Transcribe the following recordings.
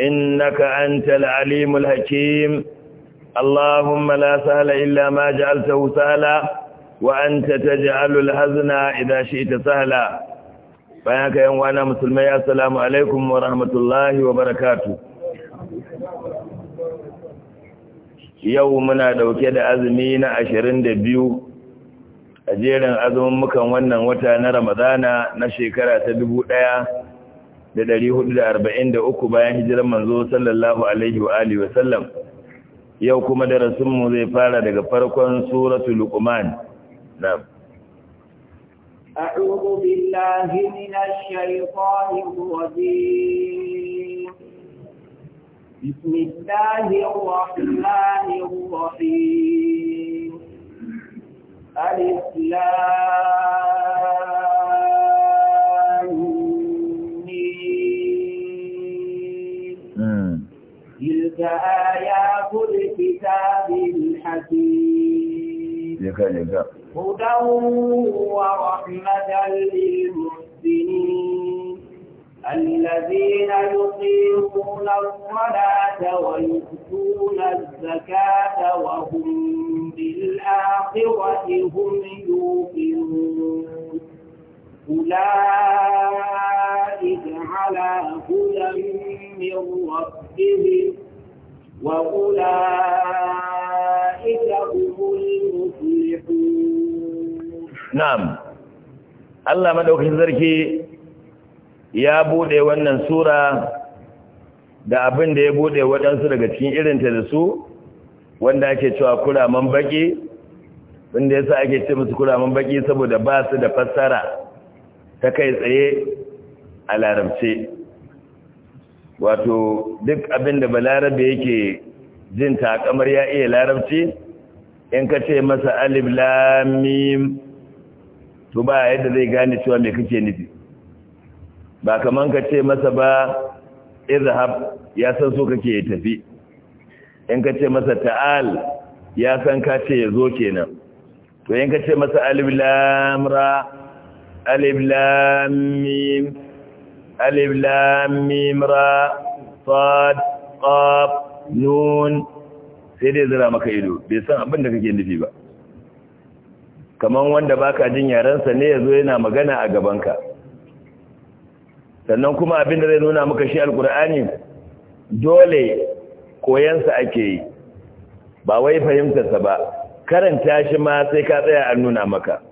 innaka antal alimul hakim allahumma la sahla illa ma ja'altahu sahla wa anta taj'alul hazna idha shi'ta sahla bayaka yan wana muslimai assalamu alaikum wa rahmatullahi wa barakatuh yau muna ɗauke da azumi na a jerin azumin mukan wannan wata na ramadana na shekara ta dubu ɗaya. da ɗari hudu da arba'in da uku bayan hijirar manzo sallallahu alaihi wa alihi wa sallam yau kuma darasinmu zai fara daga farkon suratul luqman na أعوذ بالله من الشيطان الرجيم بسم الله الرحمن الرحيم الإسلام تلك آيات الكتاب الحكيم هدى ورحمة للمحسنين الذين يقيمون الصلاة ويؤتون الزكاة وهم بالآخرة هم يوقنون أولئك على هدى من ربهم وأولئك هم المفلحون نعم Allah مدعوك sarki ya بودي wannan sura da abin da ya bude waɗansu daga cikin irinta da su wanda ake cewa kuraman baki wanda yasa ake ce musu kuraman baki saboda ba su da fassara ta kai tsaye a larabce wato duk abin da balarabe yake jin kamar ya iya larabci in ka ce masa alif lamim to ba yadda zai gane cewa me kake nufi ba kaman ka ce masa ba izhab ya san so kake tafi in ka ce masa ta'al ya san ka ce ya zo kenan to in ka ce masa alif lam alif lam mim alif lam mim ra sad qaf nun sai dai zira maka ido bai san abin da kake nufi ba kaman wanda baka jin yarensa ne yazo yana magana a gabanka sannan kuma abin da zai nuna maka shi alkur'ani dole koyansa ake yi ba wai fahimtarsa ba karanta shi ma sai ka tsaya an nuna maka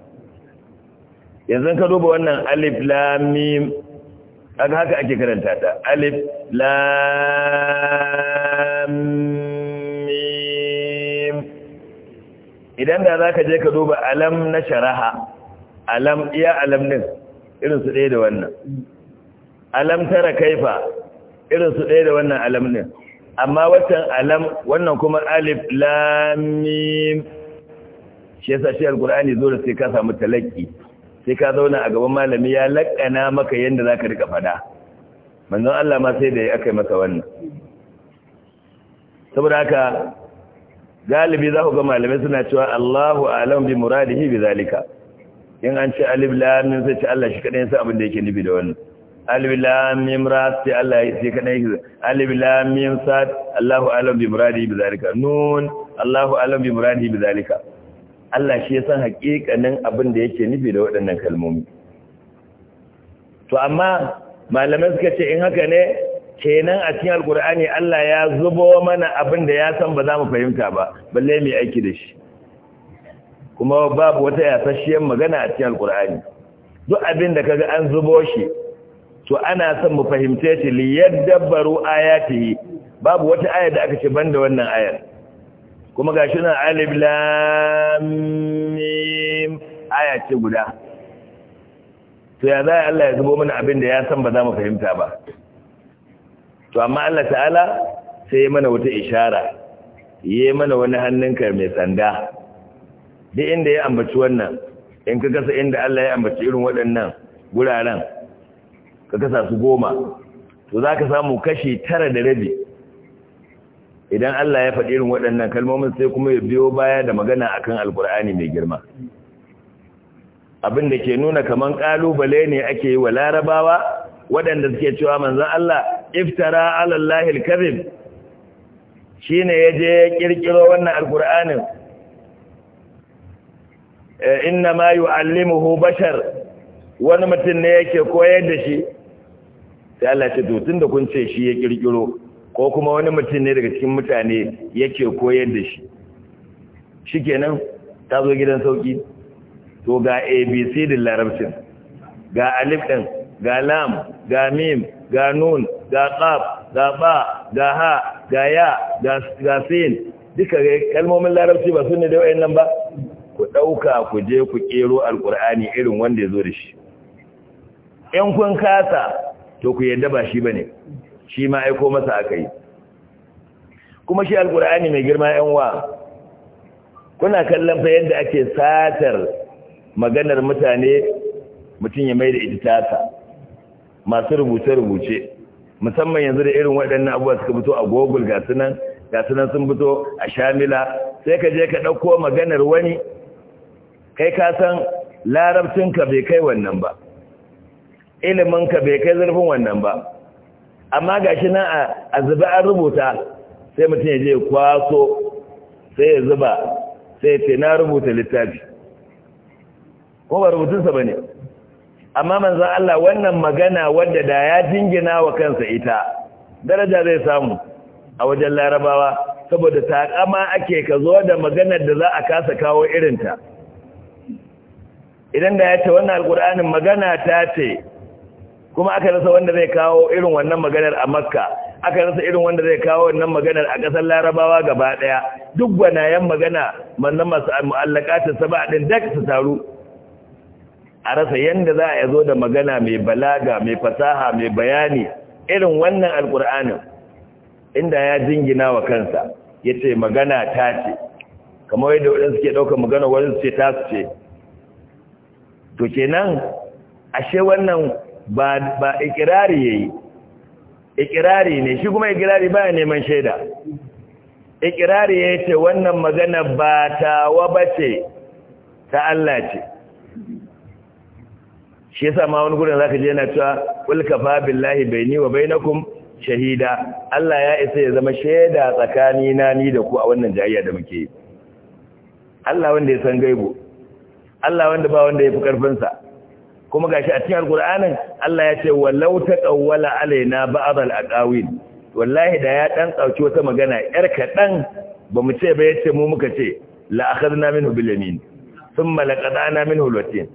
yanzu ka duba wannan alif lam mim kaga haka ake karanta ta alif lam mim idan da zaka je ka duba alam na sharaha alam iya alam din irin su ɗaya da wannan alam tara kaifa irin su ɗaya da wannan alam din amma watan alam wannan kuma alif lam mim shi yasa shi alqur'ani zo da sai ka samu talaki sai ka zauna a gaban malami ya laƙana maka yadda za ka rika fada manzan Allah ma sai da ya aka yi maka wannan saboda haka galibi za ku ga malamai suna cewa Allahu alam bi muradihi bi zalika in an ce alif lam mim sai ce Allah shi kadai yasa abin da yake nufi da wannan alif lam mim ra sai Allah shi kadai yake alif lam mim sad Allahu alam bi muradihi bi zalika nun Allahu alam bi muradihi bi zalika Allah shi ya san haƙiƙanin abin da yake nufi da waɗannan kalmomi to amma malamai suka ce in haka ne kenan a cikin alkur'ani Allah ya zubo mana abin da ya san ba za mu fahimta ba balle mai aiki da shi kuma babu wata yasasshiyar magana a cikin alkur'ani duk abin da kaga an zubo shi to ana son mu fahimce shi liyar dabbaru ayatihi babu wata ayar da aka ce banda wannan ayar kuma gashi nan alif lam aya ce guda to ya za Allah ya zubo mana abin da ya san ba za mu fahimta ba to amma Allah ta'ala sai ya mana wata ishara ya mana wani hannunka mai sanda duk inda ya ambaci wannan in ka kasa inda Allah ya ambaci irin waɗannan guraren ka kasa su goma to za ka samu kashi tara da rabi idan Allah ya faɗi irin waɗannan kalmomin sai kuma ya biyo baya da magana akan alkur'ani mai girma abin da ke nuna kaman kalubale ne ake yi wa larabawa waɗanda suke cewa manzon Allah iftara ala Allahil kadhib shine yaje ya kirkiro wannan alkur'anin eh, inna ma yu'allimuhu bashar wani mutum ne yake koyar da shi sai Allah ce to tunda kun ce shi ya kirkiro ko kuma wani mutum ne daga cikin mutane yake koyar da shi shikenan ta zo gidan sauki to ga abc da larabcin ga alif din ga lam ga mim ga nun ga qaf ga ba ga ha ga ya ga sin duka ga kalmomin larabci ba sunne da nan ba ku ɗauka ku je ku ƙero alqur'ani irin wanda ya zo da shi in kun kasa to ku yadda ba shi bane shi ma aiko masa aka yi kuma shi alkur'ani mai girma yan wa kuna kallon fa yadda ake satar maganar mutane mutum ya mai da ita masu rubuce-rubuce musamman yanzu da irin waɗannan abubuwa suka fito a google ga nan, sun fito a shamila sai ka je ka ɗauko maganar wani kai ka san ka bai kai wannan ba iliminka bai kai zurfin wannan ba amma ga shi nan a zuba an rubuta sai mutum ya je kwaso sai ya zuba sai ya na rubuta littafi ko ba rubutunsa ba ne amma manzan Allah wannan magana wadda da ya jingina wa kansa ita daraja zai samu a wajen larabawa saboda takama ake ka zo da maganar da za a kasa kawo irinta idan da ya ce wannan alkur'anin magana ta ce kuma aka rasa wanda zai kawo irin wannan maganar a makka aka rasa irin wanda zai kawo wannan maganar a ƙasar larabawa gaba ɗaya duk gwanayen magana mannan masu mu'allakatin saba ɗin dak su taru a rasa yadda za a zo da magana mai balaga mai fasaha mai bayani irin wannan alƙur'anin inda ya jingina wa kansa ya ce magana ta ce kamar yadda waɗansu ke ɗaukar magana su ce ta su ce to kenan ashe wannan ba ikirari ya yi. ikirari ne shi kuma ikirari ba ya neman shaida ikirari ya ce wannan magana ba ta wa ba ce ta Allah ce shi ya ma wani gudun za ka je na cewa qul kafa bai ni wa bainakum shahida Allah ya isa ya zama shaida tsakani na ni da ku a wannan jayayya da muke yi. Allah wanda ya san gaibo Allah wanda ba wanda ya fi ƙarfinsa. kuma ga shi a cikin alkur'anin Allah ya ce walau taqawwala alaina ba'd al-aqawil wallahi da ya dan dauki wata magana yar Ba bamu ce ba yace mu muka ce la akhadna minhu bil yamin thumma laqadana minhu al-watin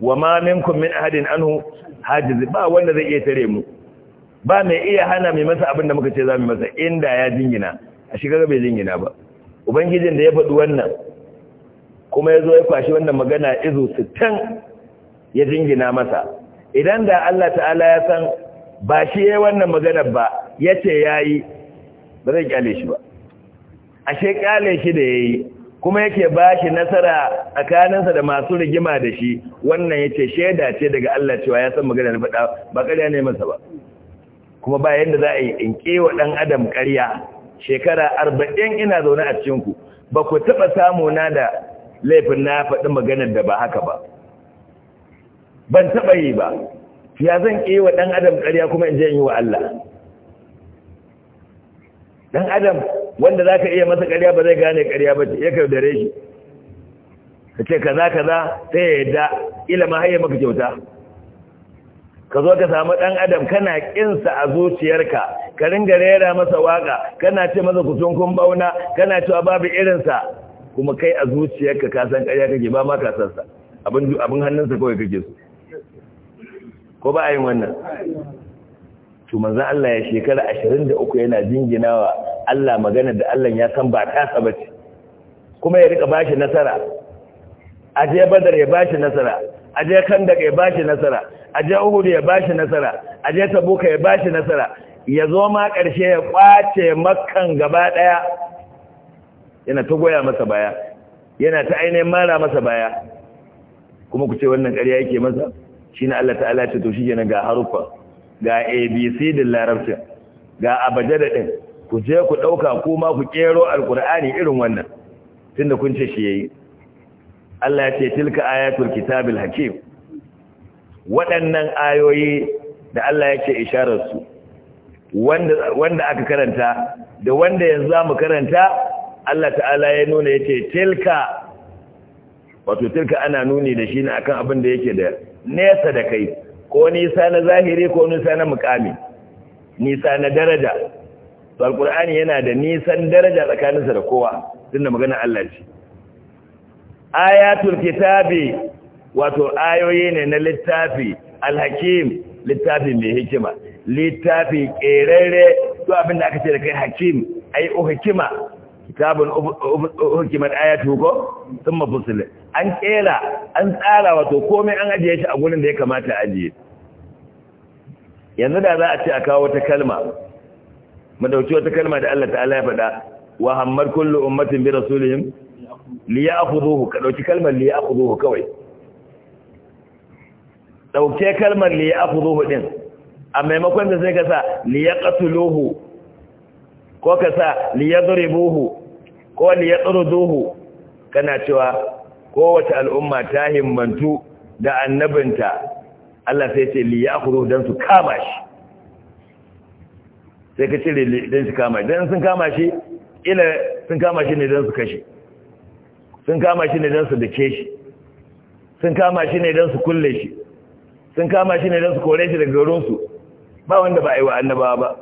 wama minkum min ahadin anhu hajiz ba wanda zai iya tare mu ba mai iya hana mai masa abinda muka ce za mu masa inda ya jingina a shiga bai jingina ba ubangijin da ya faɗi wannan kuma ya zo ya kwashi wannan magana izu ya jingina masa idan da Allah ta'ala ya san ba shi yayi wannan maganar ba yace yayi ba zai kyale shi ba ashe kyale shi da yayi kuma yake ba shi nasara tsakaninsa da masu rigima da shi wannan yace shaida ce daga Allah cewa ya san maganar fada ba ƙarya ne masa ba kuma ba yanda za a yi in kewa ɗan adam ƙarya shekara arba'in ina zaune a cikinku ba ku taɓa samu na da laifin na faɗi maganar da ba haka ba ban taɓa yi ba ya zan ƙi wa ɗan adam ƙarya kuma in je yi wa Allah ɗan adam wanda za ka iya masa ƙarya ba zai gane ƙarya ba ce ya dare shi ka ce kaza kaza sai ya yadda ilama haye maka kyauta ka zo ka samu ɗan adam kana ƙinsa a zuciyarka ka ringa rera masa waƙa kana ce masa kutunkun bauna kana cewa babu irinsa kuma kai a zuciyarka ka san ƙarya kake ba ma ka san sa abin hannunsa kawai kake so ko ba a yin wannan to manzo Allah ya shekara 23 yana wa Allah magana da Allah ya san ba ta kuma ya rika bashi nasara aje Badar ya bashi nasara aje Kandaka ya bashi nasara aje Uhud ya bashi nasara aje Tabuka ya bashi nasara ya zo ma karshe ya kwace Makkan gaba daya yana ta goya masa baya yana ta ainihin mara masa baya kuma ku ce wannan ƙarya yake masa na Allah ta'ala ce to ne ga harufa ga abc da larabci ga abajada din ku je ku dauka kuma ku kero alqur'ani irin wannan tunda kun ce shi yayi Allah ya ce tilka ayatul kitabil hakim waɗannan ayoyi da Allah yake isharar su wanda wanda aka karanta da wanda yanzu zamu karanta Allah ta'ala ya nuna yace tilka wato tilka ana nuni da shi ne akan abin da yake da nesa da kai ko nisa na zahiri ko nisa na mukami nisa na daraja to alqur'ani yana da nisan daraja tsakaninsa da kowa tunda magana Allah ce ayatul kitabi wato ayoyi ne na littafi alhakim littafi mai hikima littafi kerere to abin da aka ce da kai hakim ai o hikima kitabun hukumar ayatu ko sun mafusul an kera an tsara wato komai an ajiye shi a gurin da ya kamata a ajiye yanzu da za a ce a kawo wata kalma madauki wata kalma da Allah ta'ala ya faɗa wa hammar kullu ummatin bi rasulihim li ya'khudhuhu ka dauki kalmar li ya'khudhuhu kawai dauke kalmar li ya'khudhuhu din a maimakon da sai ka sa li yaqtuluhu ko ka sa li yadribuhu ko wani ya tsaro zuhu kana cewa kowace al'umma ta himmantu da annabinta Allah sai ce liya ya kuzo don su kama shi sai ka cire don su kama shi don sun kama shi ila sun kama shi ne don su kashe sun kama shi ne don su dake shi sun kama shi ne don su kulle shi sun kama shi ne don su kore shi daga garinsu ba wanda ba a yi wa annabawa ba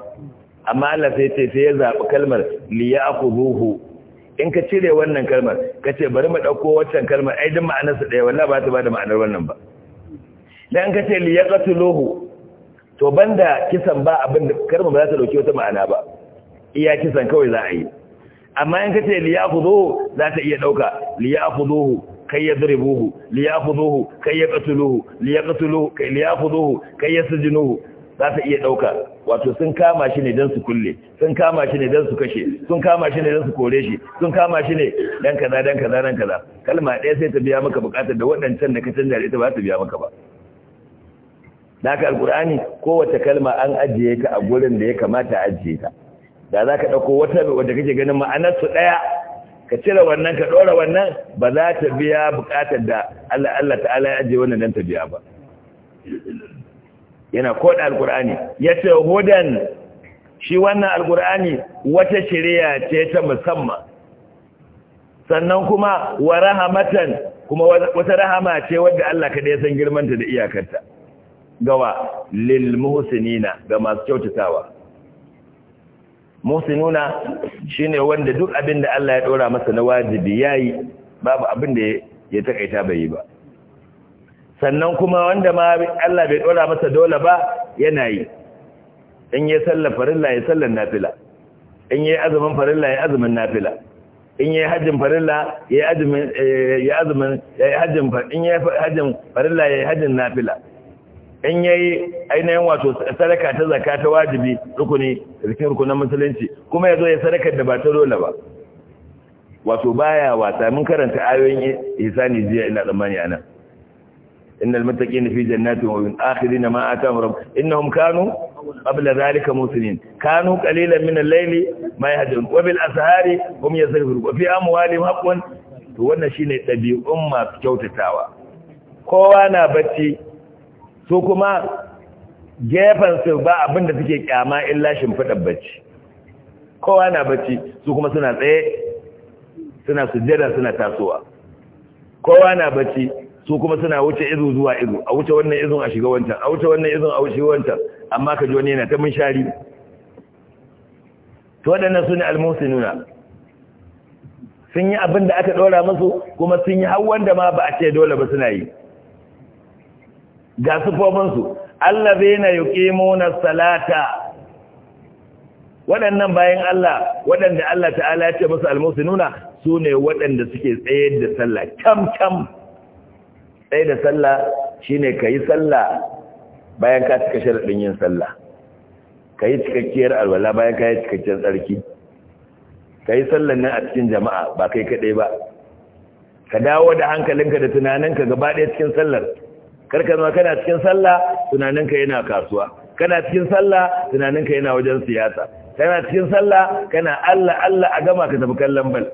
amma Allah sai ce sai ya zaɓi kalmar liya ya kuzo in ka cire wannan kalmar ka ce bari mu ɗauko waccan kalmar ai don ma'anarsa ɗaya wallahi ba ta ba da ma'anar wannan ba dan ka ce li yaqtuluhu to banda kisan ba abin da kalmar ba za ta ɗauki wata ma'ana ba iya kisan kawai za a yi amma in ka ce li yaquduhu za ta iya dauka li yaquduhu kai yadribuhu li yaquduhu kai yaqtuluhu li yaqtuluhu kai li yaquduhu kai za ta iya ɗauka wato sun kama shi ne don su kulle sun kama shi ne don su kashe sun kama shi ne don su kore shi sun kama shi ne dan kaza dan kaza dan kaza kalma ɗaya sai ta biya maka buƙatar da waɗancan da ka canza da ita ba ta biya maka ba da haka alƙur'ani kowace kalma an ajiye ta a gurin da ya kamata a ajiye ta da za ka ɗauko wata wadda kake ganin ma'anar su ɗaya ka cire wannan ka ɗora wannan ba za ta biya bukatar da Allah Allah ta'ala ya ajiye wannan dan ta biya ba yana kodi alkur'ani ya ce hodan shi wannan alkur'ani wata shirya ce ta musamman sannan kuma wa rahamatan kuma wata rahama ce wadda Allah kada ya san girmanta da iyakarta gawa lil muhsinina ga masu kyautatawa muhsinuna shine wanda duk abin da Allah ya dora masa na wajibi yayi babu abin da ya takaita bai yi ba sannan kuma wanda ma Allah bai dora masa dole ba yana yi in yi sallar farilla ya sallar nafila in yi azumin farilla ya azumin nafila in yi hajjin farilla ya azumin eh, ya azumin ya hajjin in yi hajjin farilla ya hajjin nafila in yayi ainihin wato sadaka ta zakka ta wajibi rukuni rikin rukunan musulunci kuma yazo ya sadaka da ba ta dole ba wato baya wasa mun karanta ayoyin ihsani jiya ina tsammani anan ان المتقين في جنات وعيون آخذين ما اتاهم رب انهم كانوا قبل ذلك موسنين كانوا قليلا من الليل ما يهدون وبالاسهار هم يسهرون وفي اموالهم حق wannan shine dabi'un masu kyautatawa kowa na bacci su kuma gefen su ba abin da suke kyama illa shimfiɗar bacci kowa na bacci su kuma suna tsaye suna sujjada suna tasowa kowa na bacci su kuma suna wuce izu zuwa izu a wuce wannan izun a shiga wancan a wuce wannan izun a wuce wancan amma ka ji wani yana ta munshari to waɗannan su ne almusinuna sun yi abin da aka ɗora musu kuma sun yi hawan da ma ba a ce dole ba suna yi ga sufofinsu bai na yuqimuna salata waɗannan bayan Allah waɗanda Allah ta'ala ya ce musu almusinuna su ne waɗanda suke tsayar da sallah kam kam tsaye da sallah ne ka yi sallah bayan ka cika sharaɗin yin sallah ka yi cikakkiyar alwala bayan ka yi cikakkiyar tsarki ka yi sallah nan a cikin jama'a ba kai kaɗai ba ka dawo da hankalinka da tunaninka gaba ɗaya cikin sallar karka zama kana cikin sallah tunaninka yana kasuwa kana cikin sallah tunaninka yana wajen siyasa kana cikin sallah kana Allah Allah a gama ka tafi kallon bal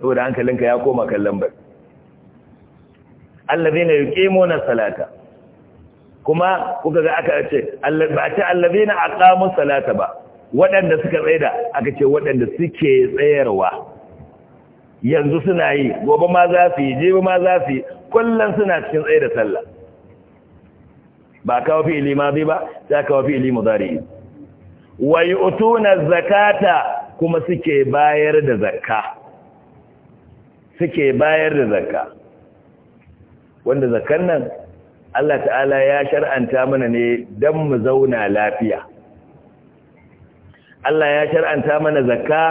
saboda hankalinka ya koma kallon bal allazina yuqimuna salata kuma kuka ga aka ce ba ta allazina aqamu salata ba waɗanda suka tsaida aka ce waɗanda suke tsayarwa yanzu suna yi gobe ma za su yi jibi ma za su yi kullum suna cikin tsaye da sallah ba kawo fi'ili mazi ba ta kawo fi'ili mudari wa yu'tuna zakata kuma suke bayar da zakka suke bayar da zakka wanda zakan nan Allah ta'ala ya shar'anta mana ne don mu zauna lafiya Allah ya shar'anta mana zakka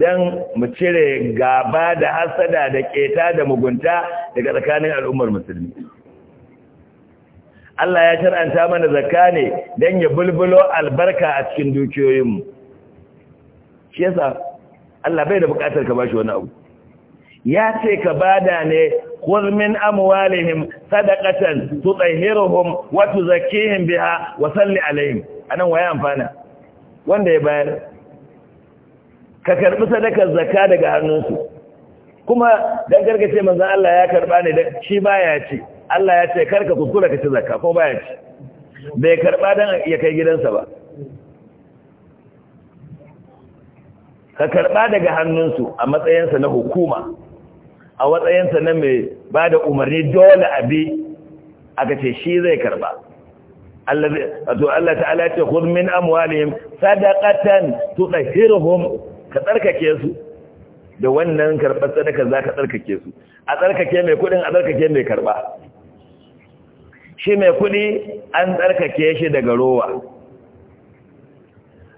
don mu cire gaba da hasada da keta da mugunta daga tsakanin al'ummar musulmi Allah ya shar'anta mana zakka ne don ya bulbulo albarka a cikin dukiyoyinmu shi yasa Allah bai da bukatar ka bashi wani abu ya ce ka bada ne khudh min amwalihim sadaqatan tutahhiruhum wa tuzakkihim biha wa salli alaihim anan waye amfana wanda ya bayar ka karbi sadakar zakka daga hannunsu kuma dan gargace manzo Allah ya karba ne shi baya ce Allah ya ce karka kuskura ka ci zakka ko baya ce bai karba dan ya kai gidansa ba ka karba daga hannunsu a matsayinsa na hukuma a watsayinsa na mai ba da umarni dole abi aka ce shi zai karba Allah ta'ala ce khudh min sadakatan sadaqatan tutahhiruhum ka tsarkake su da wannan karbar sadaka zaka tsarkake su a tsarkake mai kudin a tsarkake mai karɓa. shi mai kudi an tsarkake shi daga rowa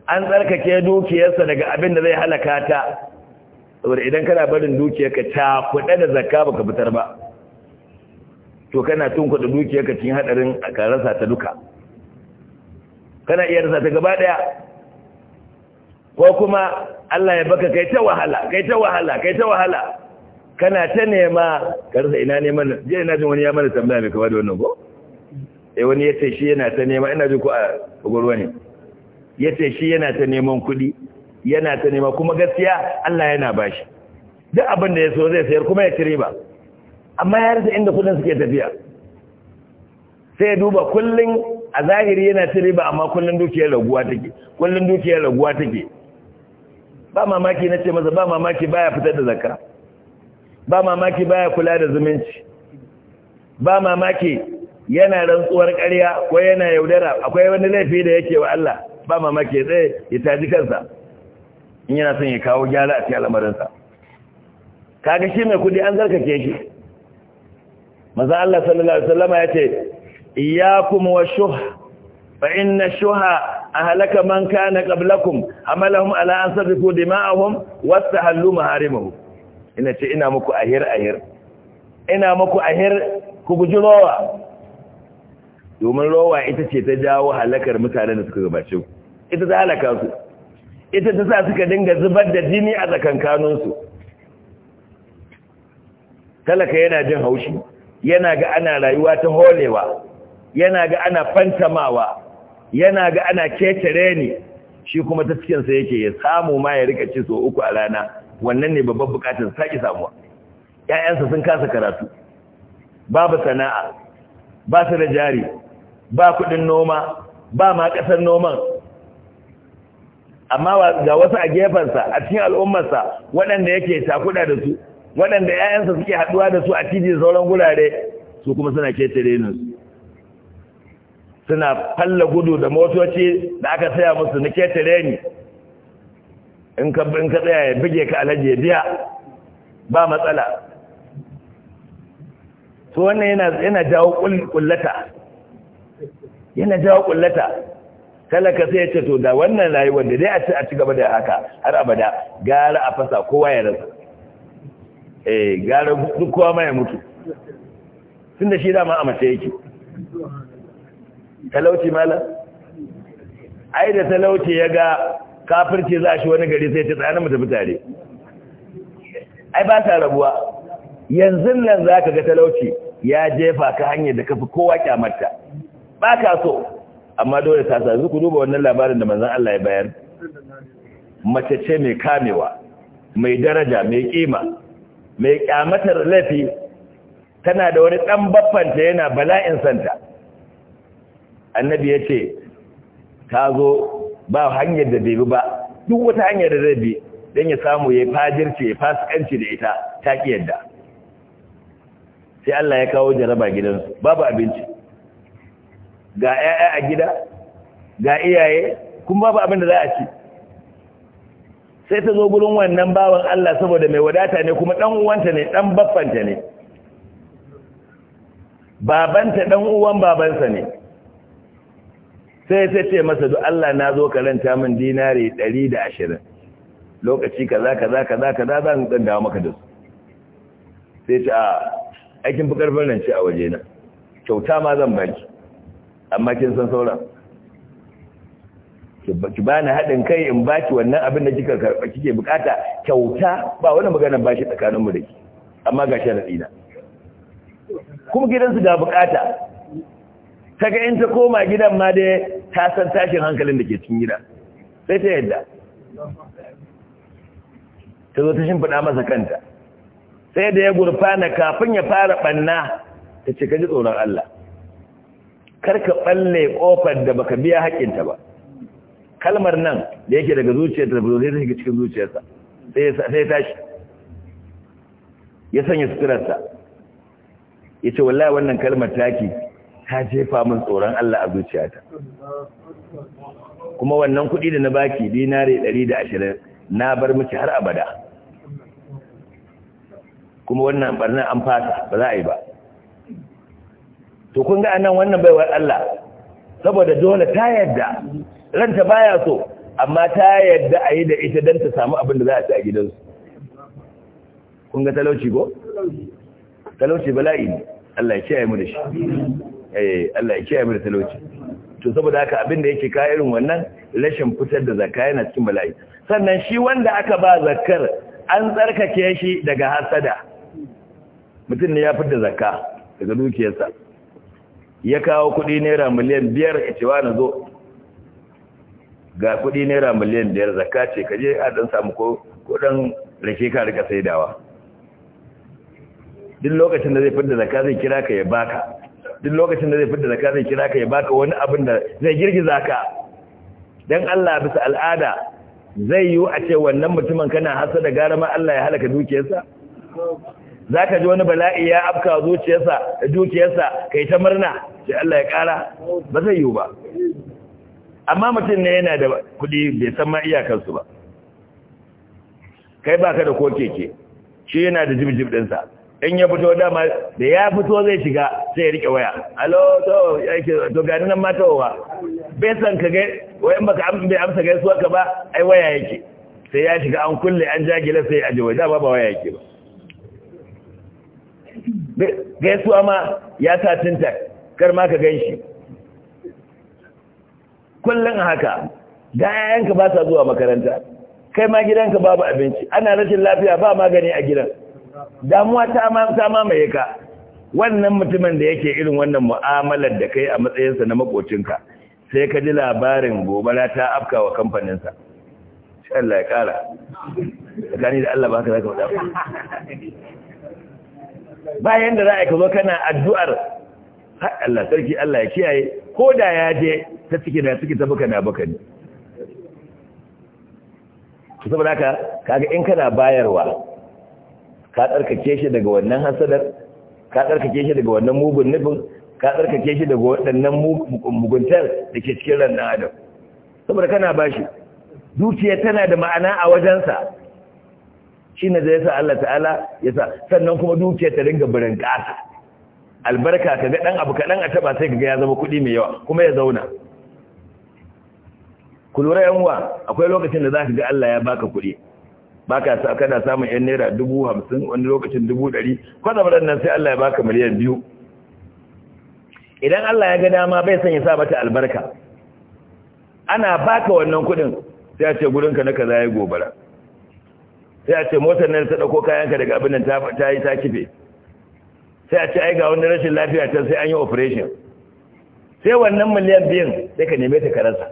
an tsarkake dukiyarsa daga abin da zai halaka ta saboda idan kana barin ka ta kuɗa da zakka baka fitar ba to kana tun kuɗa ka cikin hadarin a karasa ta duka kana iya rasa ta gaba daya ko kuma Allah ya baka kai ta wahala kai ta wahala kai ta wahala kana ta nema ka ina neman je ina jin wani ya mana tambaya mai kama da wannan ko eh wani ya ce shi yana ta nema ina ji ku a gurbani ne ya ce shi yana ta neman kuɗi yana ta nema kuma gaskiya Allah yana bashi duk abin da ya so zai sayar kuma ya ci riba amma ya rasa inda kudin suke tafiya sai duba kullun a zahiri yana ci riba amma kullun dukiyar raguwa take kullun dukiyar raguwa take ba mamaki na ce masa ba mamaki baya fitar da zakka ba mamaki baya kula da zumunci ba mamaki yana rantsuwar ƙarya ko yana yaudara akwai wani laifi da yake wa Allah ba mamaki sai ya taji kansa in yana son ya kawo gyara a cikin lamarinsa. kaga shi mai kudi an ke shi maza Allah sallallahu alaihi wasallama ya ce kuma wa shuh ba inna shuha ahlaka man kana qablakum amalahum ala an sabiqu dima'ahum hallu maharimuhum ina ce ina muku ahir ahir ina muku ahir ku guji rowa domin rowa ita ce ta jawo halakar mutanen da suka gabace ku ita ta halaka su ita ta sa suka dinga zubar da jini a tsakankaninsu talaka yana jin haushi yana ga ana rayuwa ta holewa yana ga ana fantamawa yana ga ana ketare ne shi kuma ta cikinsa yake ya samu ma ya rika ci so uku a rana wannan ne babban bukatar saki samuwa ‘ya'yansa sun kasa karatu babu sana'a ba su da jari ba kuɗin noma ba ma ƙasar noman amma ga wasu a gefensa a cikin al'ummarsa waɗanda yake takuda da su waɗanda 'ya'yansa suke haɗuwa da su a cikin sauran gurare su kuma suna ketare ne suna falla gudu da motoci da aka saya musu na ketare ne. in ka tsaya ya bige ka alhaji ya biya ba matsala to wannan yana jawo kullata yana jawo kullata talaka sai ya ce to da wannan rayuwar da dai a ci a ci gaba da haka har abada gara a fasa kowa ya rasa eh gara duk kowa mai mutu mutu da shi dama a mace yake talauci mala ai da talauci ya ga kafirci za shi wani gari sai ta tsayanin mutu tare ai ba ta rabuwa yanzu nan za ka ga talauci ya jefa ka hanyar da kafi kowa kyamarta ba ka so amma dole ta sa zuku duba wannan labarin da manzon Allah ya bayar mace ce mai kamewa mai daraja mai kima mai kyamatar laifi tana da wani dan baffanta yana bala'in santa annabi ya ce ta zo ba hanyar da bai bi ba duk wata hanyar da zai bi don ya samu ya fajirce ya fasikanci da ita ta ƙi yadda sai Allah ya kawo jaraba gidansu babu abinci ga 'ya'ya a gida ga iyaye kuma babu abin da za a ci sai ta zo gurin wannan bawan Allah saboda mai wadata ne kuma ɗan uwanta ne ɗan baffanta ne babanta ɗan uwan babansa ne sai ta ce masa duk Allah na zo karanta min dinari 120 lokaci kaza kaza kaza kaza zan dawo maka da su sai ta a aikin fi karfin rance a waje na kyauta ma zan baki amma kin san sauran ki ba ni haɗin kai in ba ki wannan abin da kika kike bukata kyauta ba wani magana ba shi tsakanin da ki amma ga shi na kuma gidansu ga bukata ta ga in ta koma gidan ma da ta san tashin hankalin da ke cikin gida sai ta yadda ta zo ta shimfiɗa masa kanta sai da ya gurfana kafin ya fara ɓanna ta ce ka ji tsoron Allah karka balle kofar da baka biya haƙinta ba kalmar nan da yake daga zuciyarta da zai take cikin zuciyarsa sai sai tashi ya sanya suturarsa ya ce wallahi wannan kalmar taki ta jefa min tsoron Allah a zuciyata kuma wannan kuɗi da na baki dinare 120 na bar miki har abada kuma wannan barna an fasa ba za a yi ba to kun ga anan wannan baiwar Allah saboda dole ta yadda ranta baya so amma ta yadda a yi da ita don ta samu abin da za a ci a gidansu kun ga talauci ko? talauci bala'i ne Allah ya kiyaye mu da shi eh Allah ya kiyaye mu da talauci to saboda haka abin da yake ka irin wannan rashin fitar da zakka yana cikin bala'i sannan shi wanda aka ba zakkar an tsarkake shi daga hasada mutum ne ya fitar da zakka daga dukiyarsa ya kawo kudi naira miliyan biyar ya ce wani zo ga kudi naira miliyan biyar zakka ce kaje a dan samu kudin rake ka rika saidawa duk lokacin da zai fidda zakka zai kira ka ya baka duk lokacin da zai fidda zakka zai kira ka ya baka wani abin da zai girgiza ka dan Allah bisa al'ada zai yi a ce wannan mutumin kana hasa da gara ma Allah ya halaka dukiyarsa za ka ji wani bala'i ya afka zuciyarsa da dukiyarsa Ka yi ta murna sai Allah ya ƙara ba zai yiwu ba amma mutum ne yana da kuɗi bai san ma iyakarsu ba kai ba ka da ko keke shi yana da jibjib ɗinsa in ya fito dama da ya fito zai shiga sai ya rike waya alo to yake to gani nan mata wa bai san ka ga wai in baka bai amsa su ka ba ai waya yake sai ya shiga an kulle an jagila sai ya aje waya dama ba waya yake ba gaisuwa ma ya sa tinta kar ma ka gan shi kullum haka da yayanka ba sa zuwa makaranta kai ma gidanka babu abinci ana rashin lafiya ba magani a gidan damuwa ta mamaye ka wannan mutumin da yake irin wannan mu'amalar da kai a matsayinsa na makocinka sai ka ji labarin gobara ta afka wa kamfaninsa Allah ya kara tsakani da Allah ba ka zaka faɗa bayan da za a kazo kana addu'ar Allah sarki Allah ya kiyaye ko da ya je ta ciki da ciki ta baka na baka ne saboda ka kaga in kana bayarwa ka tsarkake shi daga wannan hasadar ka tsarkake shi daga wannan mugun nufin ka tsarkake shi daga waɗannan muguntar da ke cikin ran adam saboda kana bashi dukiya tana da ma'ana a wajensa shi ne zai yasa sa Allah ta'ala ya sa sannan kuma duke ta ringa birin ƙasa albarka ka ga ɗan abu kaɗan a taɓa sai ka ga ya zama kuɗi mai yawa kuma ya zauna ku lura yan uwa akwai lokacin da za ka ga Allah ya baka kuɗi baka sa kana samun yan naira dubu hamsin wani lokacin dubu ɗari kwanan nan sai Allah ya baka miliyan biyu idan Allah ya ga dama bai san ya sa mata albarka ana baka wannan kuɗin sai a ce gurinka na kaza ya gobara sai a ce motar nan ta ɗauko kayanka daga abin da ta yi ta kife sai a ce ai ga wani rashin lafiya ta sai an yi operation sai wannan miliyan biyan sai ka neme ta karansa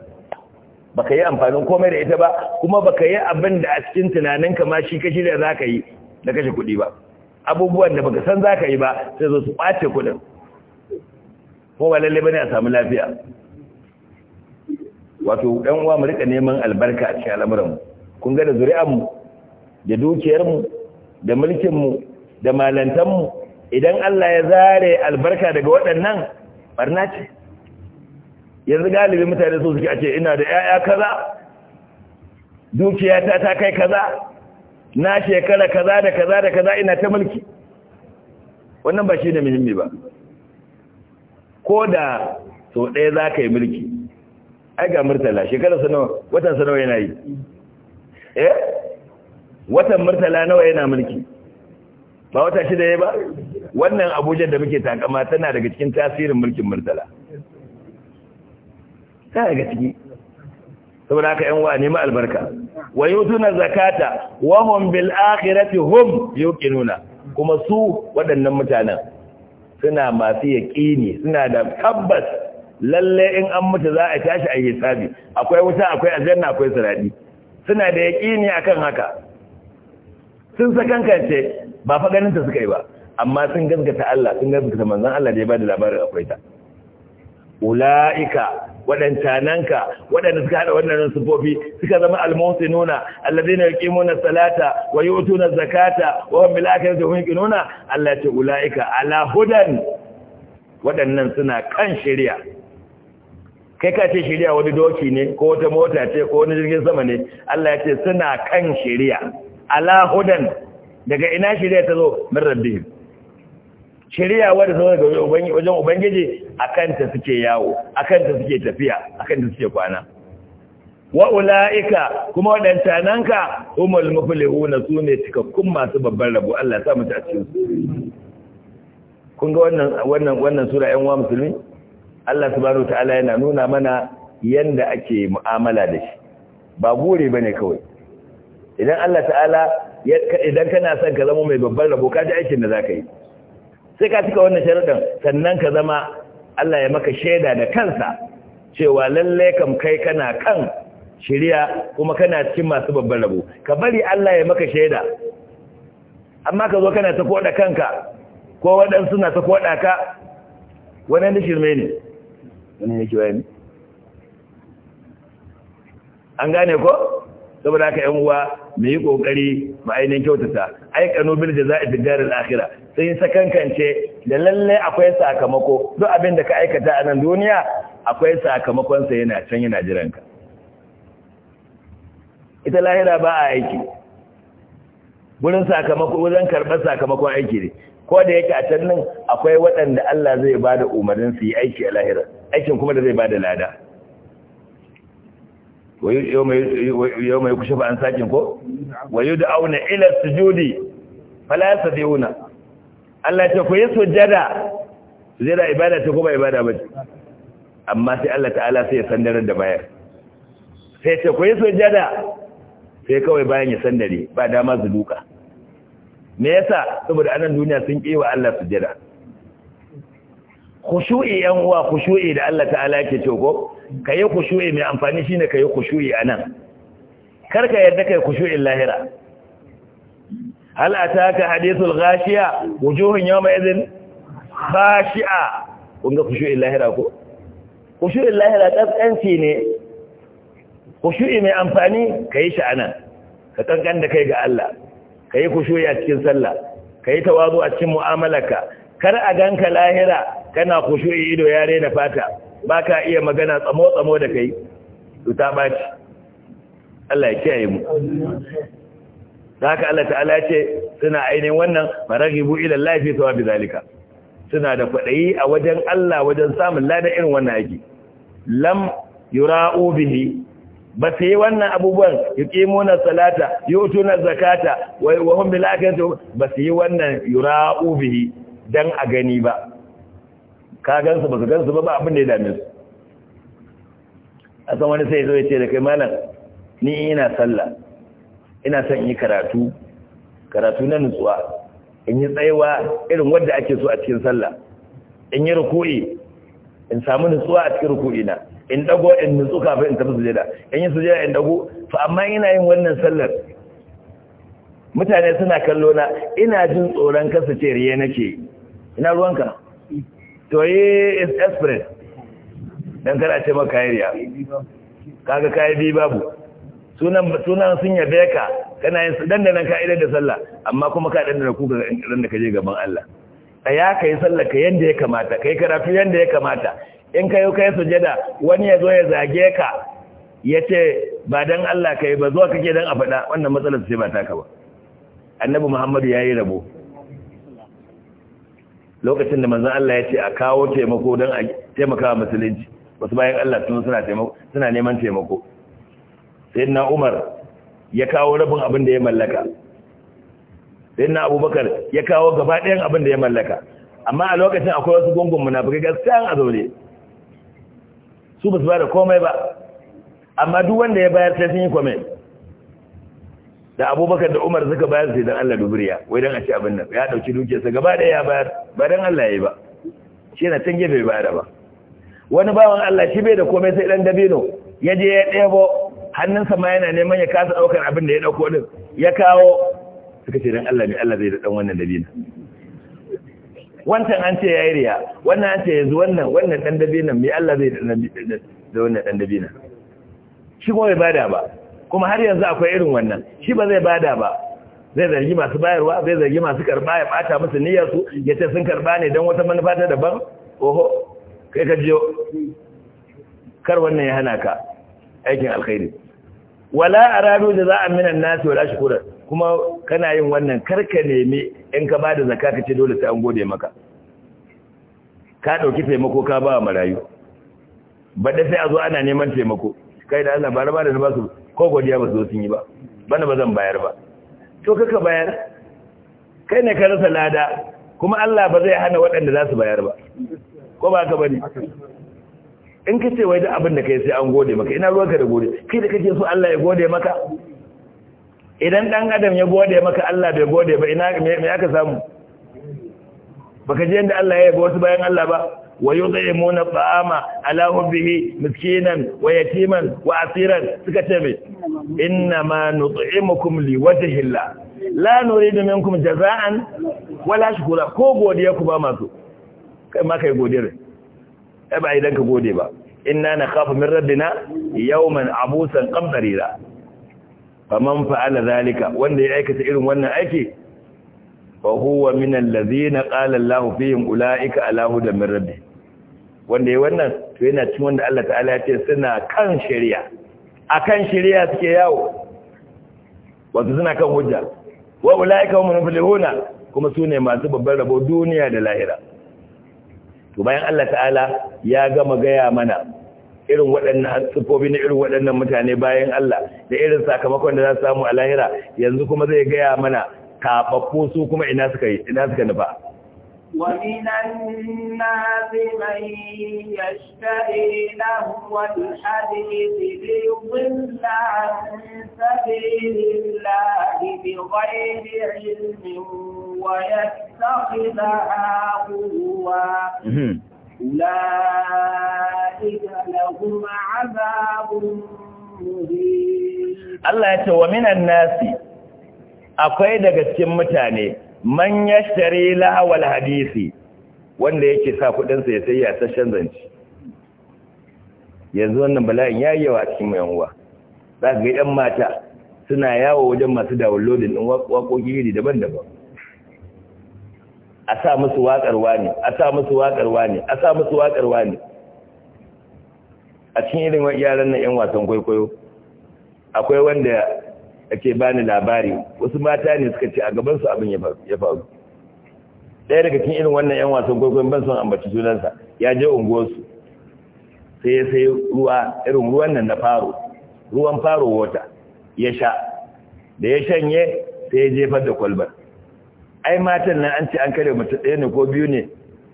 baka yi amfanin komai da ita ba kuma baka yi abin da a cikin tunaninka ma shi kashi da za ka yi na kashe kuɗi ba abubuwan da baka san za ka yi ba sai zo su ɓace kuɗin kuma ba lallai bane a samu lafiya wato ɗan uwa mu rika neman albarka a cikin mu, kun ga da mu. da dukiyarmu da mulkinmu da malantanmu idan Allah ya zare albarka daga waɗannan barna ce yanzu galibi mutane su suke a ce ina da 'ya'ya kaza dukiyata ta kai kaza na shekara kaza da kaza da kaza ina ta mulki wannan ba shi ne muhimmi ba ko da sau ɗaya za ka yi mulki ai ga murtala shekarar sanawa watan sanawa yana yi eh watan murtala nawa yana mulki ba wata shida ya ba wannan abuja da muke takama tana daga cikin tasirin mulkin murtala Ta daga ciki saboda haka yan wa nemi albarka wa zakata wa hum bil akhirati hum yuqinuna kuma su waɗannan mutanen suna masu yaƙini suna da tabbas lalle in an mutu za a tashi a yi sabi akwai wuta akwai aljanna akwai siradi suna da yaƙini akan haka sun sakankance ba fa ganin ta suka yi ba amma sun gaskata Allah sun gaskata manzon Allah da ya bada labarin akwai ta ulaika waɗancananka waɗanda suka haɗa wannan sufofi suka zama almusinuna alladhina yuqimuna salata wa yu'tuna zakata wa hum bil akhirati hum yuqinuna Allah ce ulaika ala hudan waɗannan suna kan shari'a kai ka ce shari'a wani doki ne ko wata mota ce ko wani jirgin sama ne Allah ya ce suna kan shari'a ala hudan daga ina shirya ta zo min rabbi? shirya wadda ta daga wajen ubangiji akan ta suke yawo akan ta suke tafiya akan ta suke kwana wa ula'ika kuma waɗanta nan ka umar mafulihu na su ne cikakkun masu babban rabu Allah sa mutu a cikin su kun ga wannan wannan sura yan wa musulmi Allah subhanahu ta'ala yana nuna mana yanda ake mu'amala da shi ba gure bane kawai idan Allah ta'ala idan kana son ka zama mai babban rabo ka ji aikin da za ka yi sai ka cika wannan sharaɗin sannan ka zama Allah ya maka shaida da kansa cewa lalle kam kai kana kan shirya kuma kana cikin masu babban rabo ka bari Allah ya maka shaida amma ka zo kana ta koda kanka ko waɗansu na ta koda ka wannan da shirme ne wannan yake ne an gane ko saboda haka yan uwa mu yi kokari mu ainihin kyautata ai kanu bil jaza'i fi daril akhirah sai sakankance da lalle akwai sakamako duk abin da ka aikata a nan duniya akwai sakamakon sa yana can yana jiran ka ita lahira ba a aiki gurin sakamako wajen karɓar sakamakon aiki ne ko da yake a can nan akwai waɗanda Allah zai bada umarnin su yi aiki a lahira aikin kuma da zai bada lada yau mai kushe an sakin ko wayo da auna ilar sujudi falasa da wuna. Allah ce ku yi sujada da ibada ta kuma ibada ba amma sai Allah ta'ala sai ya sandarar da bayan sai ce ku yi sujada sai kawai bayan ya sandare ba dama su duka me yasa saboda anan duniya sun kewa Allah sujada khushu'i yan uwa khushu'i da Allah ta'ala yake ce ko kayi khushu'i mai amfani shine kai khushu'i anan kar ka yarda kai khushu'in lahira hal ataka hadithul ghashiya wujuhun yawma idhin khashi'a kun ga khushu'in lahira ko khushu'in lahira tsantsanci ne khushu'i mai amfani kai shi anan ka kankan da kai ga Allah kayi khushu'i a cikin sallah kayi tawazu a cikin mu'amalarka kar a ganka lahira kana kushuri ido ya rena fata ba ka iya magana tsamo-tsamo da kai to ta Allah ya kiyaye mu ta haka Allah ta'ala ce suna ainihin wannan maraghibu idan lafi sawa bi zalika suna da kwaɗayi a wajen Allah wajen samun ladan irin wannan aiki lam yura'u bihi ba sai wannan abubuwan yuqimuna salata yutuna zakata wa hun bil ba sai wannan yura'u bihi don a gani ba ka gansu ba su gansu ba ba abin da ya dame su a san wani sai zai ce da kai malam ni ina sallah ina son yi karatu karatu na nutsuwa in yi tsayawa irin wadda ake so a cikin sallah in yi ruku'i in samu nutsuwa a cikin ruku'i na in dago in nutsu kafin in tafi sujada in yi sujada in dago fa amma ina yin wannan sallar mutane suna kallo na ina jin tsoron kasa ce riye nake ina ruwanka to yi express don kada ce maka kaga kayi biyu babu sunan sun yabe ka kana yin dandanan ka'idar da sallah amma kuma ka dandana ku ran da ka je gaban Allah ya ka yi sallah ka yanda ya kamata ka yi karatu yanda ya kamata in ka yi ka yi sujada wani ya zo ya zage ka ya ce ba don Allah ka yi ba zuwa kake don a faɗa wannan matsalar su ce ba taka ba annabi muhammadu ya yi rabo lokacin da manzan Allah ya ce a kawo taimako don a taimaka musulunci wasu bayan Allah sun suna neman taimako sai na umar ya kawo rabin abin da ya mallaka sai na abubakar ya kawo gaba ɗayan abin da ya mallaka amma a lokacin akwai wasu gungun munafukai gaskiya a zaune su ba su ba da komai ba amma duk wanda ya bayar sai sun yi komai da abubakar da umar suka bayar sai don allah duburiya wai don a ci abin nan ya ɗauki dukiyarsa gaba ɗaya ya bayar ba don allah ya yi ba shi na can bai bayar ba wani bawan allah shi bai da komai sai dan dabino ya je ya ɗebo hannunsa ma yana neman ya kasa daukar abin da ya ɗauko din, ya kawo suka ce don allah ne allah zai da ɗan wannan dabino wancan an ce ya yi riya wannan an ce yanzu wannan wannan dan dabino, mai allah zai da wannan dan dabino? shi kuma bai bada ba kuma har yanzu akwai irin wannan shi ba zai bada ba zai zargi masu bayarwa zai zargi masu karba ya bata musu niyyarsu ya ce sun karba ne don wata manufa ta daban oho kai ka jiyo kar wannan ya hana ka aikin alkhairi wala aradu da za a minan nasi wala shukura kuma kana yin wannan Kar ka nemi in ka bada zakka kace dole sai an gode maka ka dauki taimako ka ba marayu Ba sai a zo ana neman taimako kai da Allah ba ba da ba su ko godiya ba zo sun yi ba bana ba zan bayar ba to kaka bayar kai ne ka rasa lada kuma Allah ba zai hana waɗanda za su bayar ba ko ba ka bari? in ka ce wai da abin da kai sai an gode maka ina ruwanka da gode kai da kake so Allah ya gode maka idan dan adam ya gode maka Allah bai gode ba ina me aka samu baka je inda Allah ya yaba wasu bayan Allah ba ويطعمون الطعام على حبه مسكينا ويتيما واسيرا سكتمي انما نطعمكم لوجه الله لا نريد منكم جزاء ولا شكورا ko godiya ku ba masu kai ma kai godiyar ai ba idan ka gode ba inna nakhafu min rabbina yawman abusan qamtarira faman fa'ala zalika wanda ya aikata irin wannan aiki fa huwa min allazina Allahu ulaika ala hudan min wanda ya wannan to yana cin wanda Allah ta'ala ya ce suna kan shari'a akan shari'a suke yawo wato suna kan hujja wa ulaika hum muflihuna kuma su masu babbar rabo duniya da lahira to bayan Allah ta'ala ya gama gaya mana irin waɗannan sufofi na irin waɗannan mutane bayan Allah da irin sakamakon da za su samu a lahira yanzu kuma zai gaya mana kafaffu su kuma ina suka yi ina suka nufa ومن الناس من يشتري لهو الحديث ليضل عن سبيل الله بغير علم ويتخذها هزوا أولئك لهم عذاب مهين الله يتوى من الناس أقيدك السمتاني man yashtari lahawal hadisi wanda yake sa kudinsa ya sai ya yasashen zance yanzu wannan bala'in ya yi yawa cikin mai yanwa za ka ga 'yan mata suna yawo wajen masu downloading din waƙoƙi iri daban-daban a sa musu wakarwa ne a sa musu wakarwa ne a sa musu wakarwa ne a cikin irin yaran nan 'yan wasan kwaikwayo akwai wanda ake bani labari wasu mata ne suka ce a gabansu abin ya faru ɗaya daga cikin irin wannan 'yan wasan kwaikwayon ban son ambaci sunansa ya je unguwarsu sai ya sai ruwa irin ruwan nan na faro ruwan faro wata ya sha da ya shanye sai ya jefar da kwalbar ai matan nan an ce an kare mutu ɗaya ne ko biyu ne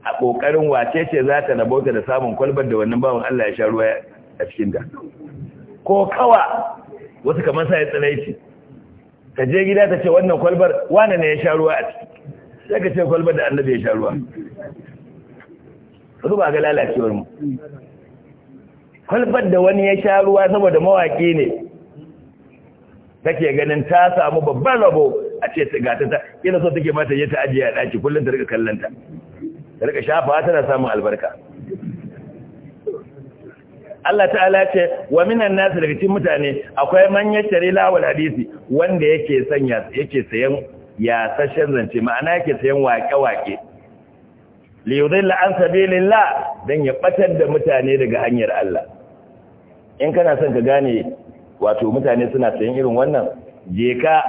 a ƙoƙarin wace ce za ta bauta da samun kwalbar da wannan bawan Allah ya sha ruwa a cikin da ko kawa wasu kamar sa ya ce ka je gida ta ce wannan kwalbar wane ne ya sha ruwa a ciki sai ka ce kwalbar da annabi ya sha ruwa su ba ga lalacewar mu kwalbar da wani ya sha ruwa saboda mawaƙi ne take ganin ta samu babban rabo a ce ta ta ta ina so take mata yi ta ajiye a ɗaki kullum ta rika kallon ta ta rika shafa tana samun albarka Allah ta'ala ce wa minan nasu daga cikin mutane akwai manyan yattare wal hadisi wanda yake sanya yake sayan ya sashen zance ma'ana yake sayan wake waƙe li yudilla an sabilillah dan ya batar da mutane daga hanyar Allah in kana son ka gane wato mutane suna sayan irin wannan je ka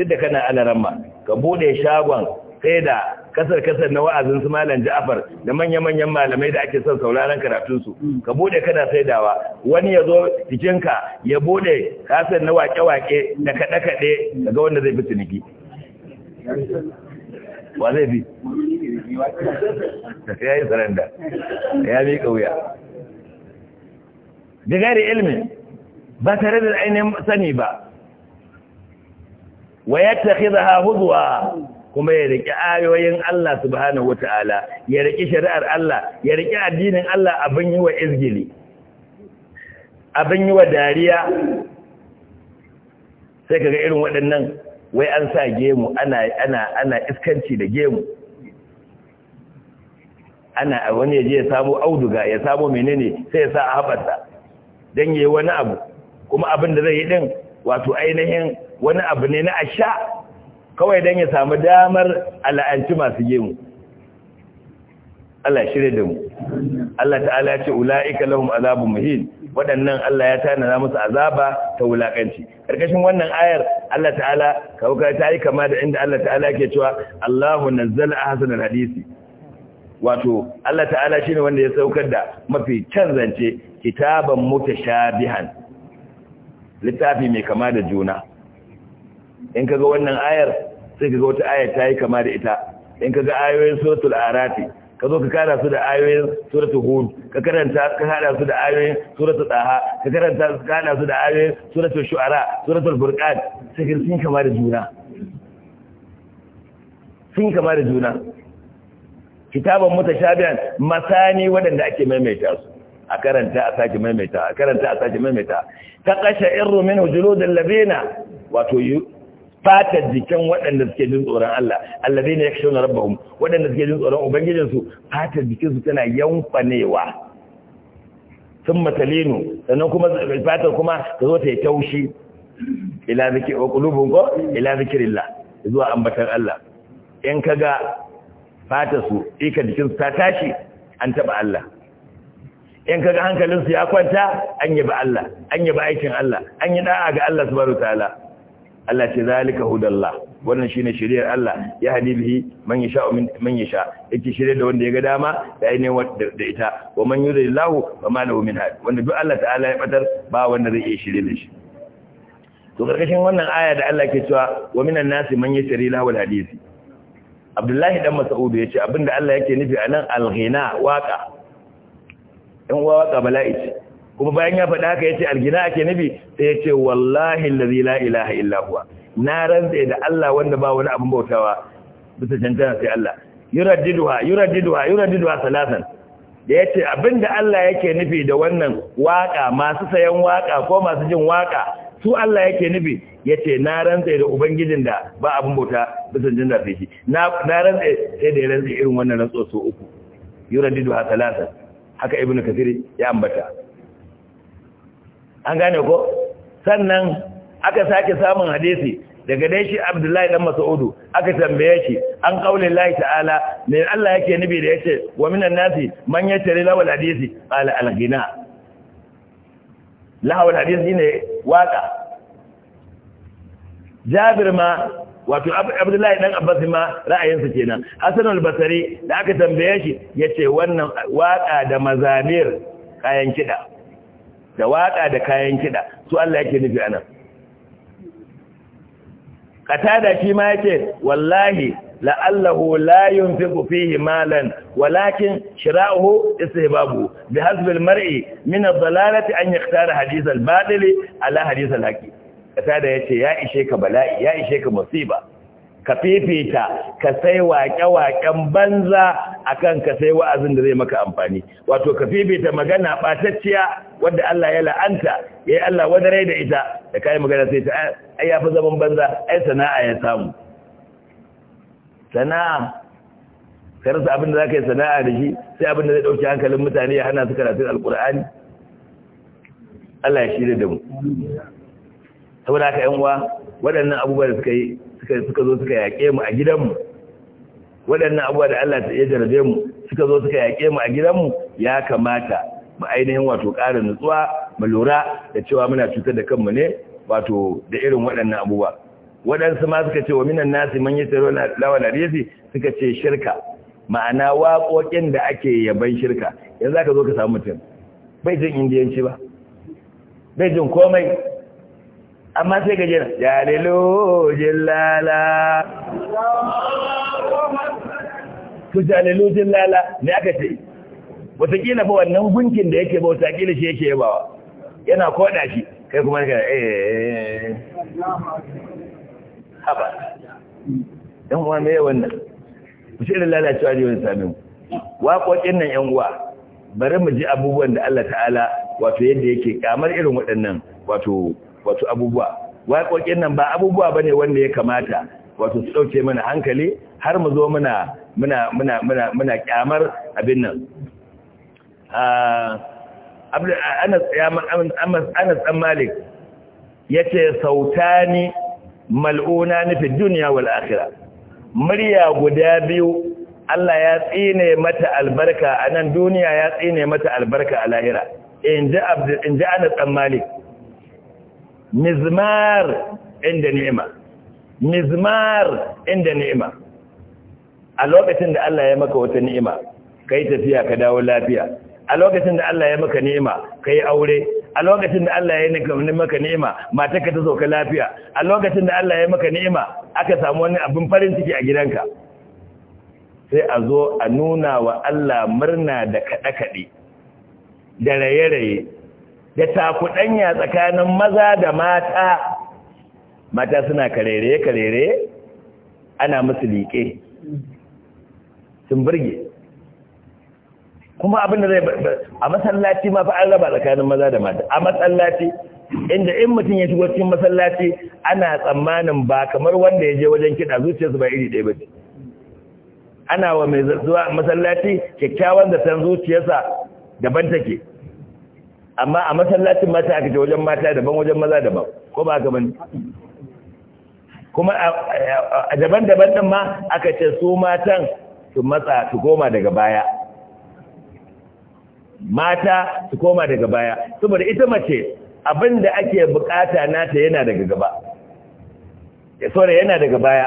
duk da kana alaramma ka bude shagon kai da kasar kasar na wa'azin su malam Ja'far da manya manyan malamai da ake son sauraron karatun su ka bude kana saidawa wani ya zo jikinka ya bude kasar na wake wake da kaɗe kaɗe daga wanda zai fi niki wa zai bi ya yi saranda ya bi kauya da gari ba tare da ainihin sani ba wa ya tafi kuma ya riƙe ayoyin Allah subhanahu wata'ala ya riƙe shari'ar Allah ya riƙe addinin Allah abin yi wa izgili abin yi wa dariya sai kaga irin waɗannan wai an sa gemu ana ana ana iskanci da gemu ana wani ya ya samu auduga ya samu menene sai ya sa a habarsa don yi wani abu kuma abin da zai yi din wato ainihin wani abu ne na asha kawai don ya samu damar ala'anci masu gemu Allah shirya da mu Allah ta'ala ce ula'ika lahum azabun muhin waɗannan Allah ya tanana musu azaba ta wulakanci Ƙarƙashin wannan ayar Allah ta'ala kawuka ta yi kama da inda Allah ta'ala ke cewa Allahu nazzala ahsanal hadisi wato Allah ta'ala shine wanda ya saukar da mafi canzance kitaban mutashabihan littafi mai kama da juna in kaga wannan ayar sai kaga wata ayar ta yi kama da ita in kaga ayoyin suratul arati ka zo ka kara su da ayoyin suratul hud ka karanta ka hada su da ayoyin suratul daha ka karanta ka hada su da ayoyin suratul shu'ara suratul furqan sai ka sun kama da juna sun kama da juna kitabun mutashabihan masani wadanda ake maimaita su a karanta a sake maimaita a karanta a sake maimaita ta kashe irru min hujuludin labina wato fatar jikin waɗanda suke jin tsoron Allah allazi ne ya kashe na rabbahum waɗanda suke jin tsoron ubangijinsu fatar jikinsu tana yankwanewa sun matalinu sannan kuma fatar kuma ta zo ta yi taushi ila zikir wa ƙulubun ko ila zikrillah zuwa ambatan Allah in ka ga fatar su ika jikinsu ta tashi an taɓa Allah in ka ga hankalinsu ya kwanta an yaba Allah an yaba aikin Allah an yi ɗa'a ga Allah subhanahu ta'ala. Allah ce zalika hudallah wannan shine shiriyar Allah ya hadi bihi man yasha man yasha yake shirye da wanda ya ga dama da ainihin da ita wa man yuridillahu fa ma lahu min had wanda duk Allah ta'ala ya fadar ba wanda zai shirye da shi to karkashin wannan aya da Allah ke cewa wa minan nasi man yashri lahu alhadisi Abdullahi dan Mas'ud yace abinda Allah yake nufi anan alghina waka in waka bala'i kuma bayan ya faɗa ya yace algina ake nabi sai yace wallahi allazi la ilaha illa huwa na rantsa da Allah wanda ba wani abin bautawa bisa cancana sai Allah yuraddiduha yuraddiduha yuraddiduha salasan da yace abinda Allah yake nufi da wannan waka masu sayan waka ko masu jin waka su Allah yake nufi yace na rantsa da ubangijin da ba abin bauta bisa cancana sai shi na rantsa sai da rantsa irin wannan rantsa su uku yuraddiduha salasan haka ibnu kathir ya ambata an gane ko sannan aka sake samun hadisi daga dai shi abdullahi dan mas'udu aka tambaye shi an kaule lahi ta'ala me Allah yake nubi da yace wa minan nasi man yatari wal hadisi qala al-ghina wal hadisi ne waka jabir ma wato abdullahi dan abbas ma ra'ayinsa kenan hasan al-basri da aka tambaye shi yace wannan waka da mazamir kayan kida da waƙa da kayan kiɗa su Allah yake nufi anan Ƙatada shi ma yake wallahi la'allahu la yunfiqu fihi malan walakin shira'uhu istihbabu bi hasbi al-mar'i min ad-dalalati an yakhtara hadith al-batil ala hadith al-haqi yace ya ishe ka bala'i ya ishe ka musiba ka fifita ka sai waƙe-waƙen banza akan ka sai wa'azin da zai maka amfani wato ka fifita magana batacciya wadda Allah ya la'anta ya yi Allah wadarai da ita da kayi magana sai ta ai fi zaman banza ai sana'a ya samu sana'a rasa abin da za ka yi sana'a da shi sai abin da zai ɗauki hankalin mutane ya hana su karatun alkur'ani Allah ya shirya da mu saboda haka yan uwa waɗannan abubuwa da suka yi suka zo suka yaƙe mu a gidanmu waɗannan abubuwa da Allah ta iya jarabe mu suka zo suka yaƙe mu a gidanmu ya kamata mu ainihin wato ƙara nutsuwa mu lura da cewa muna cutar da kanmu ne wato da irin waɗannan abubuwa waɗansu ma suka ce wa minan nasi man yasiru lawa larisi suka ce shirka ma'ana waƙoƙin da ake yaban shirka yanzu aka zo ka samu mutum bai jin indiyanci ba bai jin komai amma sai gajera jalilo jillala to jalilo jillala ne aka ce watakila ba wannan gunkin da yake ba watakila shi yake yabawa yana koda shi kai kuma ka eh haba dan uwa me wannan ku ce lalala ci wani sami waƙoƙin nan yan uwa bari mu ji abubuwan da Allah ta'ala wato yadda yake kamar irin waɗannan wato wasu abubuwa waƙoƙin nan ba abubuwa ba ne wanda ya kamata wato su ɗauke mana hankali har mu zo muna muna muna kyamar abin nan ah, anas ɗan malik ya ce sautani mal'una nufin duniya wal akhira murya guda biyu Allah ya tsine mata albarka a nan duniya ya tsine mata albarka a lahira in ji anas ɗan malik mizmar inda ni'ima mizmar inda ni'ima a lokacin da Allah ya maka wata ni'ima kai tafiya ka dawo lafiya a lokacin da Allah ya maka ni'ima kai aure a lokacin da Allah ya maka ni'ima matarka ta ka lafiya a lokacin da Allah ya maka ni'ima aka samu wani abin farin ciki a gidanka sai a zo a nuna wa Allah murna da kaɗe-kaɗe da raye-raye da takudanya tsakanin maza da mata mata suna karere-karere ana musu liƙe sun burge kuma abin da zai a masallaci ma fa an raba tsakanin maza da mata a masallaci inda in mutum ya shigo cikin masallaci ana tsammanin ba kamar wanda ya je wajen kiɗa zuciyarsu ba iri ɗaya ba ana wa mai zuwa masallaci kyakkyawan da san zuciyarsa daban take amma a masallacin mata aka ce wajen mata daban wajen maza daban ko ba haka bane kuma a daban-daban din ma aka ce su matan su matsa su goma daga baya mata su koma daga baya saboda ita mace abin da ake bukata nata yana daga gaba ya sore yana daga baya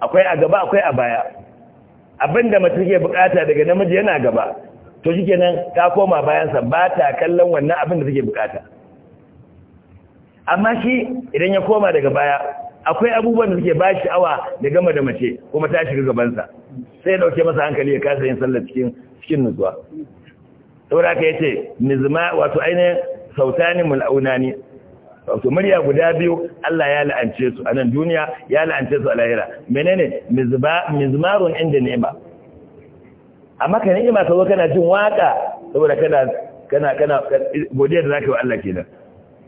akwai a gaba akwai a baya abin da mace ke bukata daga namiji yana gaba to shi kenan ta koma bayansa ba ta kallon wannan abin da suke bukata amma shi idan ya koma daga baya akwai abubuwan da suke ba awa da gama da mace kuma ta shiga gabansa sai dauke masa hankali ya kasa yin sallar cikin cikin nutsuwa saboda haka yace nizma wato ainihin sautani mul'aunani wato murya guda biyu Allah ya la'ance su a nan duniya ya la'ance su a lahira menene mizmarun inda ne ba? amma ka ni'ima ka zo kana jin waka saboda kana kana kana godiya da zaka wa Allah kenan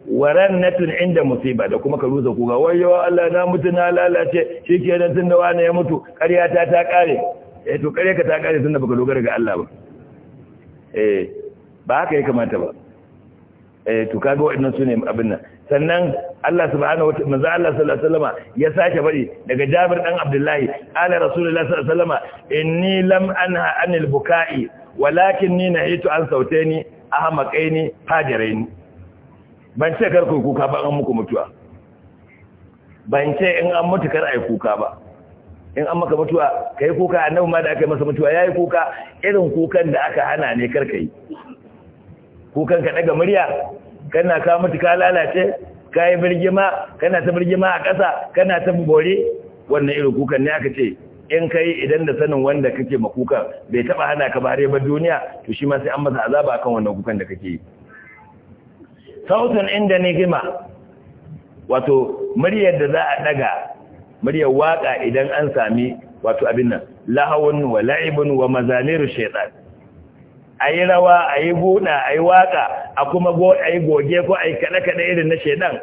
warannatun inda musiba da kuma ka ruza kuga wayo Allah na mutu na lalace shikenan tunda wani ya mutu ƙarya ta ta kare eh to ƙarya ka ta kare tunda baka dogara ga Allah ba eh ba haka ya kamata ba eh to kaga waɗannan sune abin nan sannan Allah subhanahu wata manzo Allah sallallahu alaihi wasallam ya sake bari daga Jabir ɗan Abdullahi ala Rasulullahi sallallahu alaihi wasallam inni lam anha anil bukai na hito an ni a ni, ahmaqaini ni. ban ce kar ku kuka ba an muku mutuwa ban ce in an mutu kar a yi kuka ba in an maka mutuwa ka yi kuka annabi ma da aka yi masa mutuwa Ya yi kuka irin kukan da aka hana ne kar yi. kukan ka ɗaga murya kana ka mutu ka lalace ka yi birgima kana ta birgima a ƙasa kana ta bore wannan irin kukan ne aka ce in kai idan da sanin wanda kake makukan bai taba hana ka bare ba duniya to shi ma sai an masa azaba akan wannan kukan da kake yi sautin inda ne gima wato muryar da za a daga muryar waka idan an sami wato abin nan lahawun wa la'ibun wa mazamiru shaytan a yi rawa a yi buɗa a yi waƙa a kuma a yi goge ko a yi kaɗe-kaɗe irin na shaidan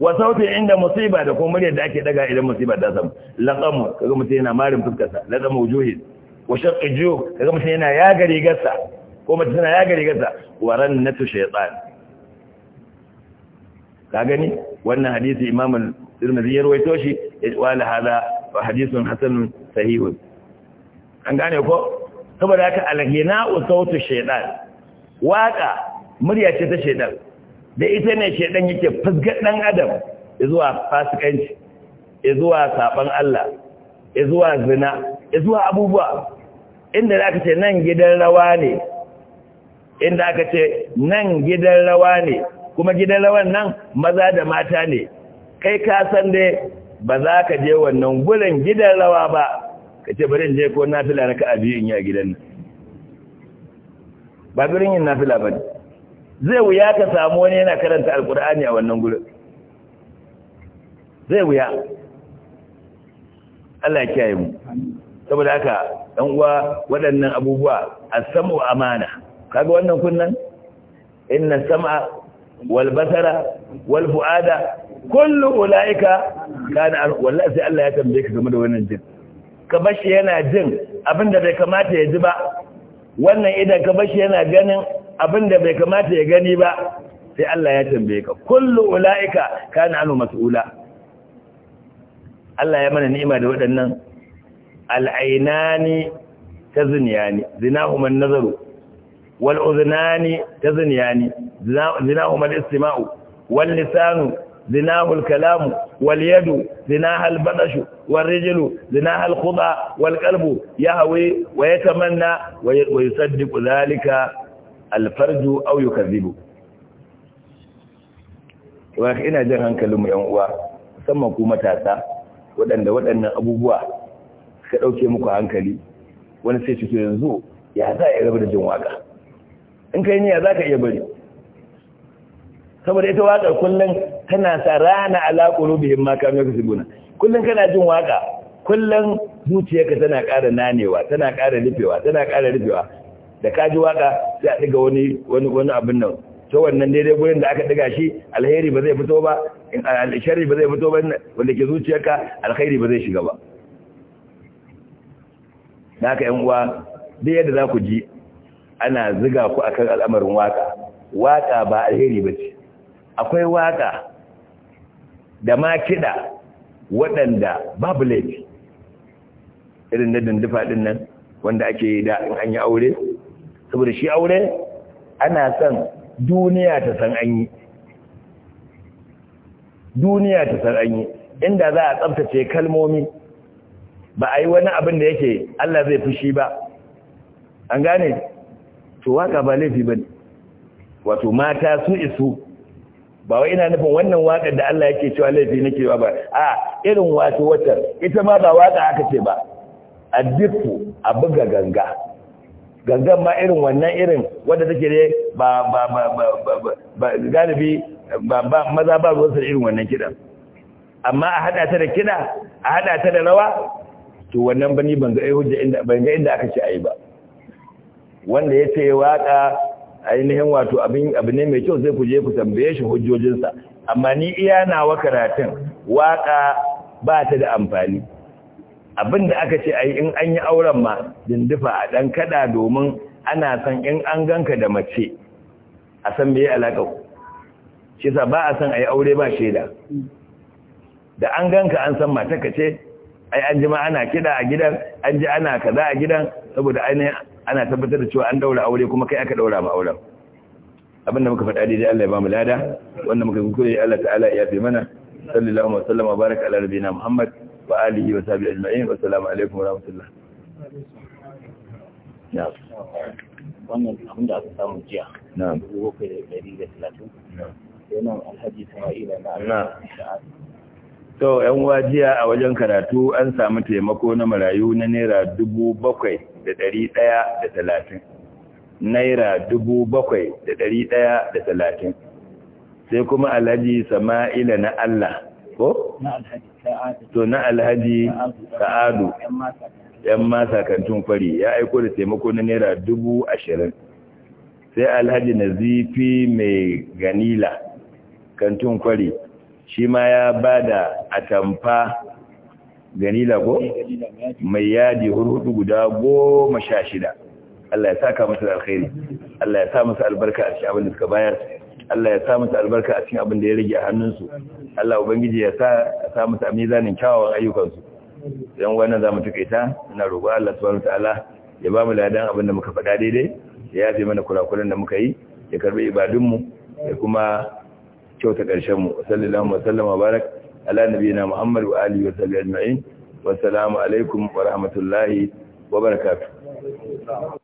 wa sautin inda musiba da kuma muryar da ake daga idan musiba ta samu laƙamu kaga mutum yana marin fuskarsa laƙamu juhi wa shaƙi juhu kaga mutum yana ya gari gasa ko mutum yana yaga rigarsa wa ran na tu shaitan ka gani wannan hadisi imamul tirmidhi ya rawaito shi wa la hada hadisun hasanun sahihun an gane ko saboda haka alhina'u usautu shaidan waka murya ce ta shaidan da ita ne shaidan yake fusgar dan adam zuwa fasikanci zuwa saban Allah zuwa zina zuwa abubuwa inda zaka ce nan gidan rawa ne inda aka ce nan gidan rawa ne kuma gidan rawan nan maza da mata ne kai ka san dai ba za ka je wannan gurin gidan rawa ba ka ce bari in je ko nafila na a biyu in yi a gidan nan ba birin yin nafila ba zai wuya ka samu wani yana karanta alkur'ani a wannan gurin zai wuya Allah ya kiyaye mu saboda haka ɗan uwa waɗannan abubuwa as-sam'u amana kaga wannan kunnan inna sam'a wal basara wal fu'ada kullu ulaika kana wallahi sai Allah ya tambaye ka game da wannan jin ka bashi yana jin abin da bai kamata ya ji ba wannan idan ka bashi yana ganin abin da bai kamata ya gani ba sai Allah ya tambaye ka kullu ulaika kana anu mas'ula Allah ya mana ni'ima da waɗannan al'ainani tazniyani zinahuma an-nazaru wal udhnani tazniyani zinahuma al-istima'u wal lisanu zinahu al-kalamu wal yadu zinahu al badashu والرجل زناها الخضى والقلب يهوي ويتمنى ويصدق ذلك الفرج أو يكذبه wani ina jin hankalinmu 'yan uwa musamman ku matasa waɗanda waɗannan abubuwa suka ɗauke muku hankali wani sai cikin yanzu ya za a rabu da jin waka in kai ne ya za ka iya bari saboda ita waƙar kullum tana sa rana alaƙulu bihin maka mai kusurguna kullum kana jin waka kullum zuciyarka tana ƙara nanewa tana ƙara rufewa tana ƙara rufewa da ka ji waka sai a ɗiga wani wani wani abin nan to wannan daidai gurin da aka diga shi alheri ba zai fito ba alshari ba zai fito ba wanda ke zuciyarka alheri ba zai shiga ba da haka yan uwa duk yadda za ku ji ana ziga ku akan al'amarin waka waka ba alheri ba ce akwai waka da ma kiɗa waɗanda babu laifi irin da dindufa ɗin nan wanda ake yi da in an yi aure saboda shi aure ana son duniya ta san an yi duniya ta san an yi inda za a tsabtace kalmomi ba a yi wani abin da yake Allah zai fushi ba an gane to waka ba laifi ba wato mata su isu ba wai ina nufin wannan waƙar da Allah yake cewa laifi nake ba ba a irin wato wata ita ma ba waƙa aka ce ba a dukku a buga ganga gangan ma irin wannan irin wanda take ne ba ba ba ba galibi ba ba maza ba ruwan sa irin wannan kidan amma a hada ta da kida a hada ta da rawa to wannan bani ban ga hujja inda ban inda aka ce yi ba wanda yace waƙa. ainihin wato abin abu ne mai kyau zai ku je ku tambaye shi hujjojinsa amma ni iya nawa karatun waka ba ta da amfani abin da aka ce ai in an yi auren ma dindifa a dan kada domin ana san in an ganka da mace a san meye alaka shi sa ba a san ai aure ba sheda da an ganka an san mata kace ai an ji ana kiɗa a gidan an ji ana kaza a gidan saboda ainihin ana tabbatar da cewa an daura aure kuma kai aka daura ma auren abin da muka faɗa dai Allah ya ba mu lada wanda muka kuskure Allah ta'ala ya fi mana sallallahu alaihi wa sallam wa baraka ala nabiyina Muhammad wa alihi wa sahbihi ajma'in wa assalamu alaikum wa rahmatullah na'am wannan abinda aka samu jiya na'am alhaji na'am to yan wajiya a wajen karatu an samu taimako na marayu na naira dubu bakwai da dari daya da talatin naira dubu bakwai da dari daya da talatin sai kuma alhaji sama'ila na Allah ko? to na alhaji sa'adu yan masa kantun kwari ya aiko da taimako na naira dubu ashirin sai alhaji na zifi mai ganila kantun kwari shi ma ya ba da atamfa ganila ko mai yadi hurhudu guda goma sha shida Allah ya saka masa alkhairi Allah ya sa masa albarka a cikin abin da suka bayar Allah ya sa masa albarka a cikin abin da ya rage a hannunsu Allah ubangiji ya sa sa mizanin kyawawan ayyukansu dan wannan zamu tukaita ina roƙo Allah subhanahu wataala ya ba mu ladan abin da muka faɗa daidai ya yafe mana kurakuran da muka yi ya karbi ibadunmu ya kuma kyauta ƙarshen mu sallallahu wasallama wasallam barak ala nabiyina muhammad wa alihi wa sahbihi ajma'in wa salamu alaikum wa rahmatullahi wa barakatuh